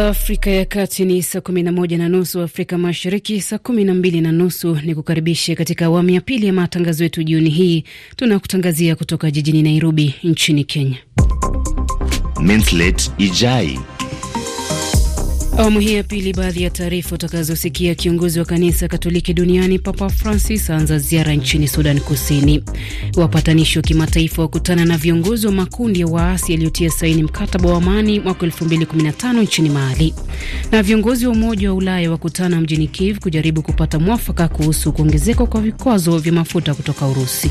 Afrika ya Kati ni saa kumi na moja na nusu, Afrika Mashariki saa kumi na mbili na nusu. Ni kukaribishe katika awamu ya pili ya matangazo yetu jioni hii. Tunakutangazia kutoka jijini Nairobi nchini Kenya. Mintlet Ijai Awamu hii ya pili, baadhi ya taarifa utakazosikia. Kiongozi wa kanisa Katoliki duniani Papa Francis aanza ziara nchini Sudan Kusini. Wapatanishi wa kimataifa wakutana na viongozi wa makundi ya waasi yaliyotia saini mkataba wa amani mwaka 2015 nchini Mali, na viongozi wa Umoja wa Ulaya wakutana mjini Kiev kujaribu kupata mwafaka kuhusu kuongezeka kwa vikwazo vya mafuta kutoka Urusi.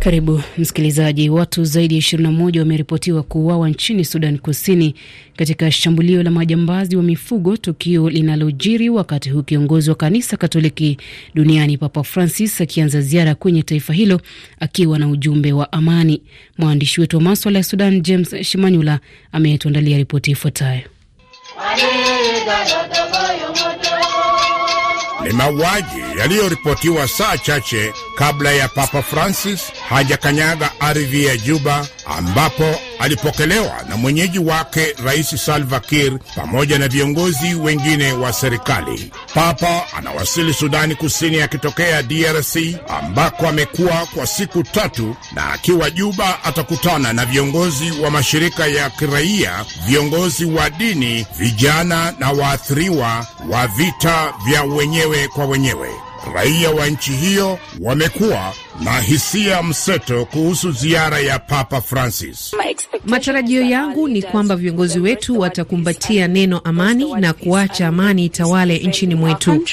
Karibu msikilizaji. Watu zaidi ya moja wameripotiwa kuuawa nchini Sudan Kusini katika shambulio la majambazi wa mifugo, tukio linalojiri wakati huu kiongozi wa kanisa Katoliki duniani Papa Francis akianza ziara kwenye taifa hilo akiwa na ujumbe wa amani. Mwandishi wetu wa maswala ya Sudan James Shimanyula ametuandalia ripoti ifuatayo ni mauaji yaliyoripotiwa saa chache kabla ya Papa Francis hajakanyaga ardhi ya Juba ambapo alipokelewa na mwenyeji wake Rais Salva Kiir pamoja na viongozi wengine wa serikali. Papa anawasili Sudani Kusini akitokea DRC ambako amekuwa kwa siku tatu, na akiwa Juba atakutana na viongozi wa mashirika ya kiraia, viongozi wa dini, vijana na waathiriwa wa vita vya wenyewe kwa wenyewe raia wa nchi hiyo wamekuwa na hisia mseto kuhusu ziara ya Papa Francis. Matarajio yangu ni kwamba viongozi wetu watakumbatia neno amani na kuacha amani itawale nchini mwetu.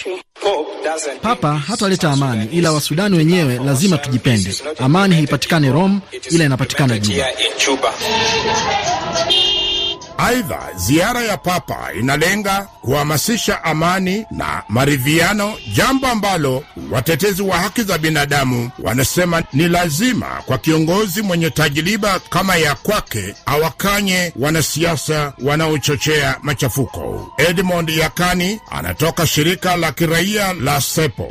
Papa hataleta amani, ila Wasudani wenyewe lazima tujipende. Amani haipatikane Rome, ila inapatikana Juba. Aidha, ziara ya Papa inalenga kuhamasisha amani na maridhiano, jambo ambalo watetezi wa haki za binadamu wanasema ni lazima kwa kiongozi mwenye tajiriba kama ya kwake awakanye wanasiasa wanaochochea machafuko. Edmond Yakani anatoka shirika la kiraia la Sepo.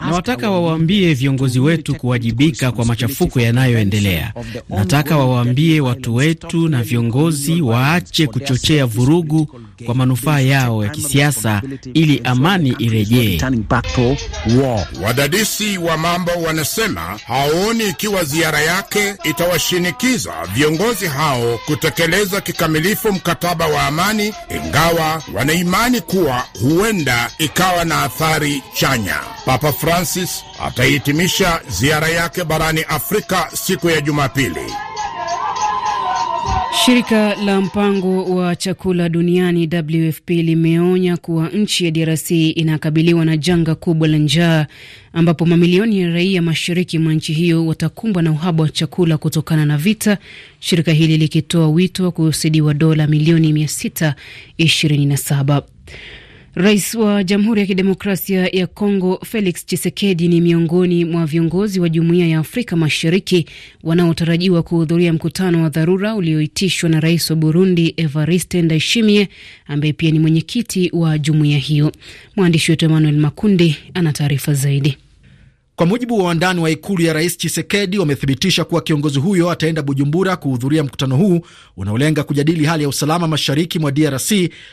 Nawataka wawaambie viongozi wetu kuwajibika kwa machafuko yanayoendelea. Nataka wawaambie watu wetu na viongozi waache kuchochea vurugu kwa manufaa yao ya kisiasa ili amani irejee. Wadadisi wa mambo wanasema haoni ikiwa ziara yake itawashinikiza viongozi hao kutekeleza kikamilifu mkataba wa amani, ingawa wanaimani kuwa huenda ikawa na athari chanya. Papa Francis atahitimisha ziara yake barani Afrika siku ya Jumapili. Shirika la mpango wa chakula duniani WFP limeonya kuwa nchi ya DRC inakabiliwa na janga kubwa la njaa ambapo mamilioni ya raia mashariki mwa nchi hiyo watakumbwa na uhaba wa chakula kutokana na vita, shirika hili likitoa wito wa kuusidiwa dola milioni 627. Rais wa Jamhuri ya Kidemokrasia ya Kongo Felix Tshisekedi ni miongoni mwa viongozi wa Jumuiya ya Afrika Mashariki wanaotarajiwa kuhudhuria mkutano wa dharura ulioitishwa na Rais wa Burundi Evariste Ndayishimiye ambaye pia ni mwenyekiti wa jumuiya hiyo. Mwandishi wetu Emmanuel Makundi ana taarifa zaidi. Kwa mujibu wa wandani wa ikulu ya rais Chisekedi, wamethibitisha kuwa kiongozi huyo ataenda Bujumbura kuhudhuria mkutano huu unaolenga kujadili hali ya usalama mashariki mwa DRC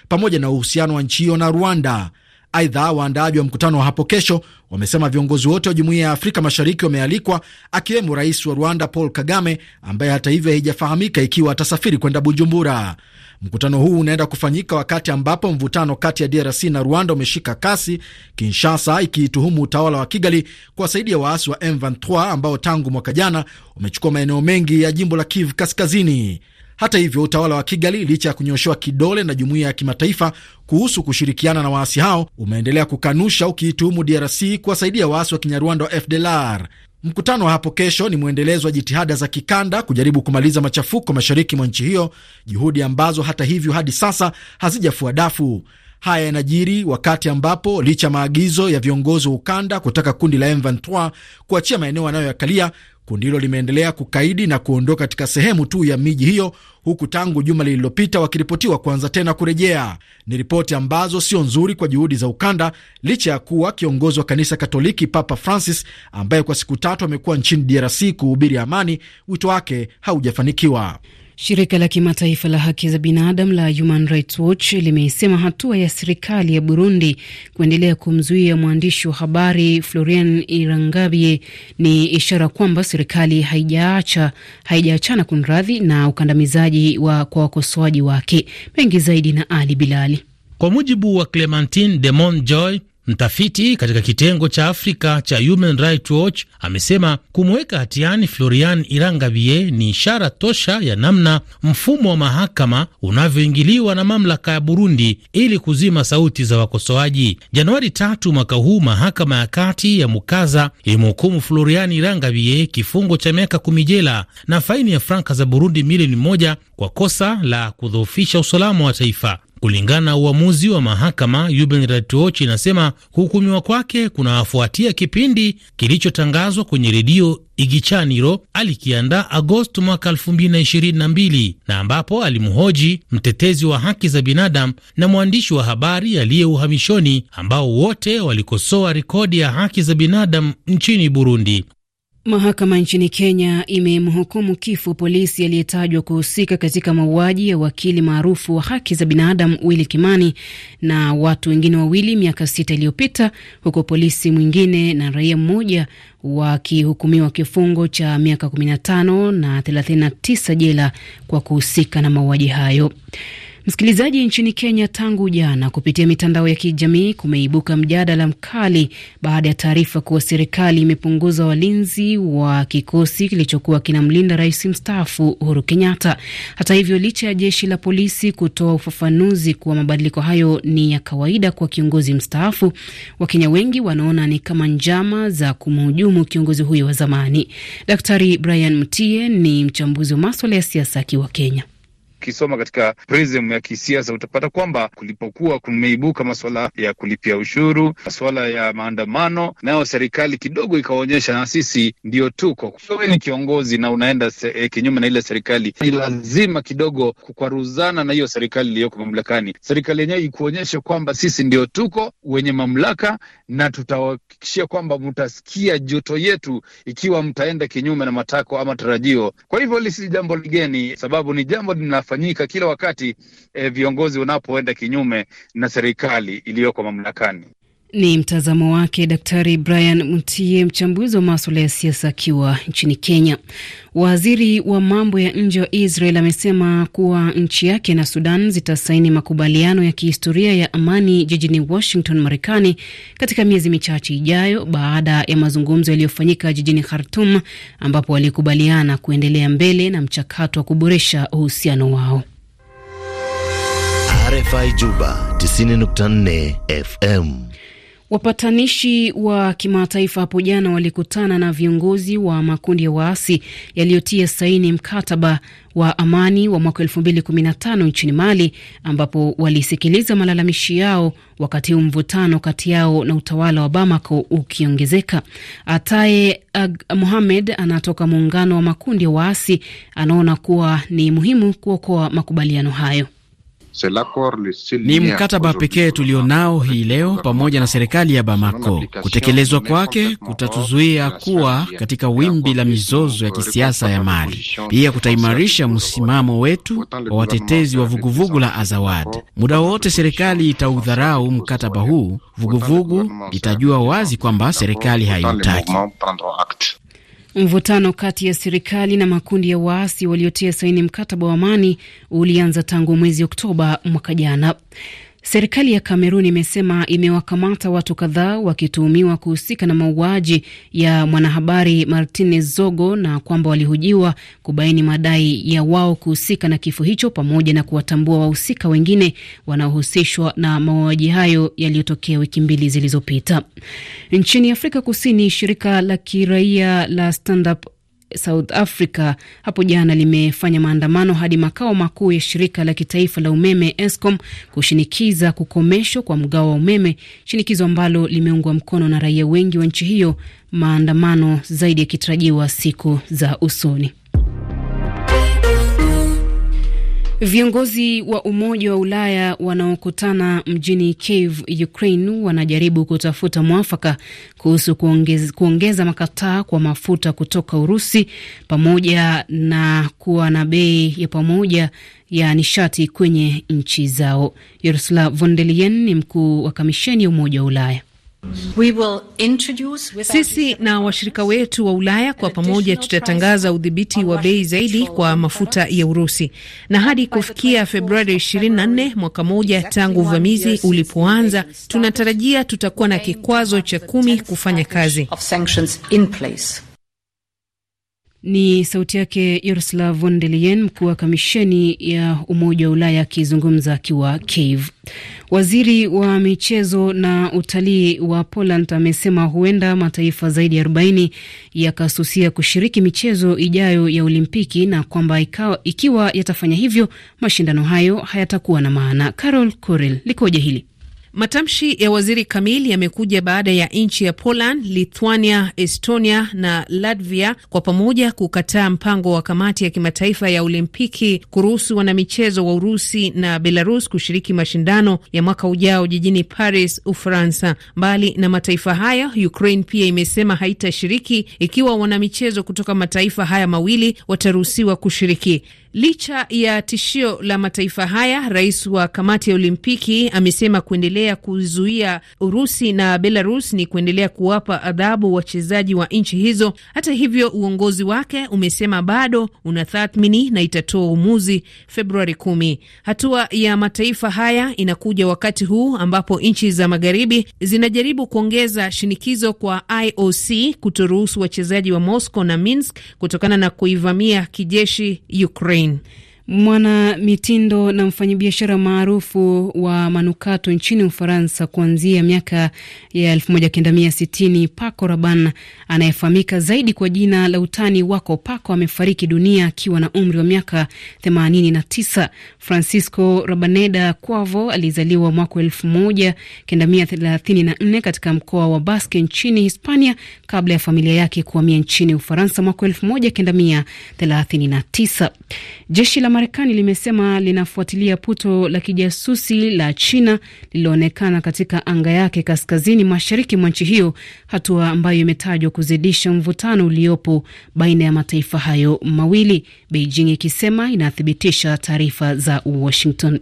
pamoja na uhusiano wa nchi hiyo na Rwanda. Aidha, waandaaji wa mkutano wa hapo kesho wamesema viongozi wote wa jumuiya ya Afrika Mashariki wamealikwa, akiwemo rais wa Rwanda Paul Kagame, ambaye hata hivyo haijafahamika ikiwa atasafiri kwenda Bujumbura. Mkutano huu unaenda kufanyika wakati ambapo mvutano kati ya DRC na Rwanda umeshika kasi, Kinshasa ikiituhumu utawala wa Kigali kuwasaidia waasi wa M23 ambao tangu mwaka jana wamechukua maeneo mengi ya jimbo la Kivu Kaskazini. Hata hivyo, utawala wa Kigali, licha ya kunyoshewa kidole na jumuiya ya kimataifa kuhusu kushirikiana na waasi hao, umeendelea kukanusha, ukiituhumu DRC kuwasaidia waasi wa Kinyarwanda wa FDLR. Mkutano wa hapo kesho ni mwendelezo wa jitihada za kikanda kujaribu kumaliza machafuko mashariki mwa nchi hiyo, juhudi ambazo hata hivyo hadi sasa hazijafua dafu. Haya yanajiri wakati ambapo licha maagizo ya viongozi wa ukanda kutaka kundi la M23 kuachia maeneo yanayoyakalia Kundi hilo limeendelea kukaidi na kuondoka katika sehemu tu ya miji hiyo, huku tangu juma lililopita wakiripotiwa kuanza tena kurejea. Ni ripoti ambazo sio nzuri kwa juhudi za ukanda, licha ya kuwa kiongozi wa kanisa Katoliki Papa Francis, ambaye kwa siku tatu amekuwa nchini DRC kuhubiri amani, wito wake haujafanikiwa. Shirika la kimataifa la haki za binadamu la Human Rights Watch limesema hatua ya serikali ya Burundi kuendelea kumzuia mwandishi wa habari Florian Irangabie ni ishara kwamba serikali haijaacha haijaachana kunradhi na ukandamizaji wa kwa wakosoaji wake. Mengi zaidi na Ali Bilali. Kwa mujibu wa Clementine Demon Joy, Mtafiti katika kitengo cha Afrika cha Human Rights Watch amesema kumweka hatiani Florian Irangavie ni ishara tosha ya namna mfumo wa mahakama unavyoingiliwa na mamlaka ya Burundi ili kuzima sauti za wakosoaji. Januari tatu mwaka huu, mahakama ya kati ya Mukaza ilimhukumu Florian Irangavie kifungo cha miaka kumi jela na faini ya franka za Burundi milioni moja kwa kosa la kudhoofisha usalama wa taifa. Kulingana na uamuzi wa mahakama, Yubin Ratioch inasema kuhukumiwa kwake kunawafuatia kipindi kilichotangazwa kwenye redio Igichaniro alikiandaa agosto mwaka 2022 na ambapo alimhoji mtetezi wa haki za binadamu na mwandishi wa habari aliye uhamishoni ambao wote walikosoa rekodi ya haki za binadamu nchini Burundi. Mahakama nchini Kenya imemhukumu kifo polisi aliyetajwa kuhusika katika mauaji ya wakili maarufu wa haki za binadamu Willy Kimani na watu wengine wawili miaka sita iliyopita, huku polisi mwingine na raia mmoja wakihukumiwa kifungo cha miaka 15 na 39 jela kwa kuhusika na mauaji hayo. Msikilizaji, nchini Kenya tangu jana kupitia mitandao ya kijamii kumeibuka mjadala mkali baada ya taarifa kuwa serikali imepunguza walinzi wa kikosi kilichokuwa kinamlinda rais mstaafu Uhuru Kenyatta. Hata hivyo, licha ya jeshi la polisi kutoa ufafanuzi kuwa mabadiliko hayo ni ya kawaida kwa kiongozi mstaafu, Wakenya wengi wanaona ni kama njama za kumhujumu kiongozi huyo wa zamani. Daktari Brian Mtie ni mchambuzi wa maswala ya siasa akiwa Kenya ukisoma katika prism ya kisiasa utapata kwamba kulipokuwa kumeibuka masuala ya kulipia ushuru, masuala ya maandamano, nayo serikali kidogo ikaonyesha na sisi ndio tuko. so, we ni kiongozi na unaenda e, kinyume na ile serikali, ni lazima kidogo kukwaruzana na hiyo serikali iliyoko mamlakani, serikali yenyewe ikuonyeshe kwamba sisi ndio tuko wenye mamlaka na tutawahakikishia kwamba mtasikia joto yetu ikiwa mtaenda kinyume na matako ama tarajio. Kwa hivyo lisi jambo ligeni, sababu ni jambo lina yanafanyika kila wakati eh, viongozi unapoenda kinyume na serikali iliyoko mamlakani. Ni mtazamo wake Daktari Brian Mutie, mchambuzi wa maswala ya siasa akiwa nchini Kenya. Waziri wa mambo ya nje wa Israel amesema kuwa nchi yake na Sudan zitasaini makubaliano ya kihistoria ya amani jijini Washington, Marekani, katika miezi michache ijayo, baada ya mazungumzo yaliyofanyika jijini Khartum, ambapo walikubaliana kuendelea mbele na mchakato wa kuboresha uhusiano wao. RFI Juba 90.4 FM Wapatanishi wa kimataifa hapo jana walikutana na viongozi wa makundi ya waasi yaliyotia saini mkataba wa amani wa mwaka elfu tano nchini Mali, ambapo walisikiliza malalamishi yao, wakati huu mvutano kati yao na utawala wa Bamako ukiongezeka. Ataye Mohamed anatoka muungano wa makundi ya waasi, anaona kuwa ni muhimu kuokoa makubaliano hayo. Ni mkataba pekee tulionao hii leo pamoja na serikali ya Bamako. Kutekelezwa kwake kutatuzuia kuwa katika wimbi la mizozo ya kisiasa ya Mali. Pia kutaimarisha msimamo wetu wa watetezi wa vuguvugu la Azawad. Muda wote serikali itaudharau mkataba huu, vuguvugu litajua wazi kwamba serikali haiutaki. Mvutano kati ya serikali na makundi ya waasi waliotia saini mkataba wa amani ulianza tangu mwezi Oktoba mwaka jana. Serikali ya Kamerun imesema imewakamata watu kadhaa wakituhumiwa kuhusika na mauaji ya mwanahabari martine Zogo na kwamba walihojiwa kubaini madai ya wao kuhusika na kifo hicho pamoja na kuwatambua wahusika wengine wanaohusishwa na mauaji hayo yaliyotokea wiki mbili zilizopita. Nchini Afrika Kusini, shirika la kiraia la Stand Up South Africa hapo jana limefanya maandamano hadi makao makuu ya shirika la kitaifa la umeme Eskom kushinikiza kukomeshwa kwa mgao wa umeme, shinikizo ambalo limeungwa mkono na raia wengi wa nchi hiyo, maandamano zaidi yakitarajiwa siku za usoni. Viongozi wa Umoja wa Ulaya wanaokutana mjini Kiev, Ukraine, wanajaribu kutafuta mwafaka kuhusu kuongeza, kuongeza makataa kwa mafuta kutoka Urusi pamoja na kuwa na bei ya pamoja ya nishati kwenye nchi zao. Ursula von der Leyen ni mkuu wa kamisheni ya Umoja wa Ulaya. Sisi na washirika wetu wa Ulaya kwa pamoja tutatangaza udhibiti wa bei zaidi kwa mafuta ya Urusi, na hadi kufikia Februari 24 mwaka moja tangu uvamizi ulipoanza, tunatarajia tutakuwa na kikwazo cha kumi kufanya kazi. Ni sauti yake Ursula von der Leyen, mkuu wa kamisheni ya Umoja wa Ulaya akizungumza akiwa Kiev. Waziri wa michezo na utalii wa Poland amesema huenda mataifa zaidi ya 40 yakasusia kushiriki michezo ijayo ya Olimpiki na kwamba ikiwa yatafanya hivyo mashindano hayo hayatakuwa na maana. Carol Corel likoje hili? Matamshi ya waziri Kamil yamekuja baada ya nchi ya Poland, Lithuania, Estonia na Latvia kwa pamoja kukataa mpango wa kamati ya kimataifa ya Olimpiki kuruhusu wanamichezo wa Urusi na Belarus kushiriki mashindano ya mwaka ujao jijini Paris, Ufaransa. Mbali na mataifa haya, Ukraine pia imesema haitashiriki ikiwa wanamichezo kutoka mataifa haya mawili wataruhusiwa kushiriki. Licha ya tishio la mataifa haya, rais wa kamati ya Olimpiki amesema kuendelea kuzuia Urusi na Belarus ni kuendelea kuwapa adhabu wachezaji wa nchi hizo. Hata hivyo, uongozi wake umesema bado unatathmini na itatoa uamuzi Februari kumi. Hatua ya mataifa haya inakuja wakati huu ambapo nchi za magharibi zinajaribu kuongeza shinikizo kwa IOC kutoruhusu wachezaji wa Moscow na Minsk kutokana na kuivamia kijeshi Ukraine. doing Mwana mitindo na mfanyabiashara maarufu wa manukato nchini Ufaransa kuanzia miaka ya 1960 Paco Rabanne anayefahamika zaidi kwa jina la utani Wako Paco amefariki dunia akiwa na umri wa miaka 89. Francisco Rabaneda Quavo alizaliwa mwaka 1934 katika mkoa wa Basque nchini Hispania kabla ya familia yake kuhamia nchini Ufaransa mwaka 1939. Jeshi la Marekani limesema linafuatilia puto la kijasusi la China lililoonekana katika anga yake kaskazini mashariki mwa nchi hiyo, hatua ambayo imetajwa kuzidisha mvutano uliopo baina ya mataifa hayo mawili, Beijing ikisema inathibitisha taarifa za Washington.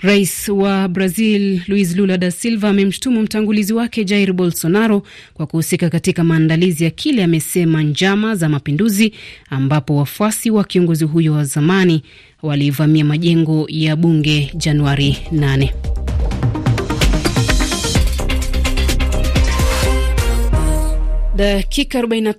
Rais wa Brazil Luis Lula da Silva amemshutumu mtangulizi wake Jair Bolsonaro kwa kuhusika katika maandalizi ya kile amesema njama za mapinduzi, ambapo wafuasi wa kiongozi huyo wa zamani walivamia majengo ya bunge Januari 8. Dakika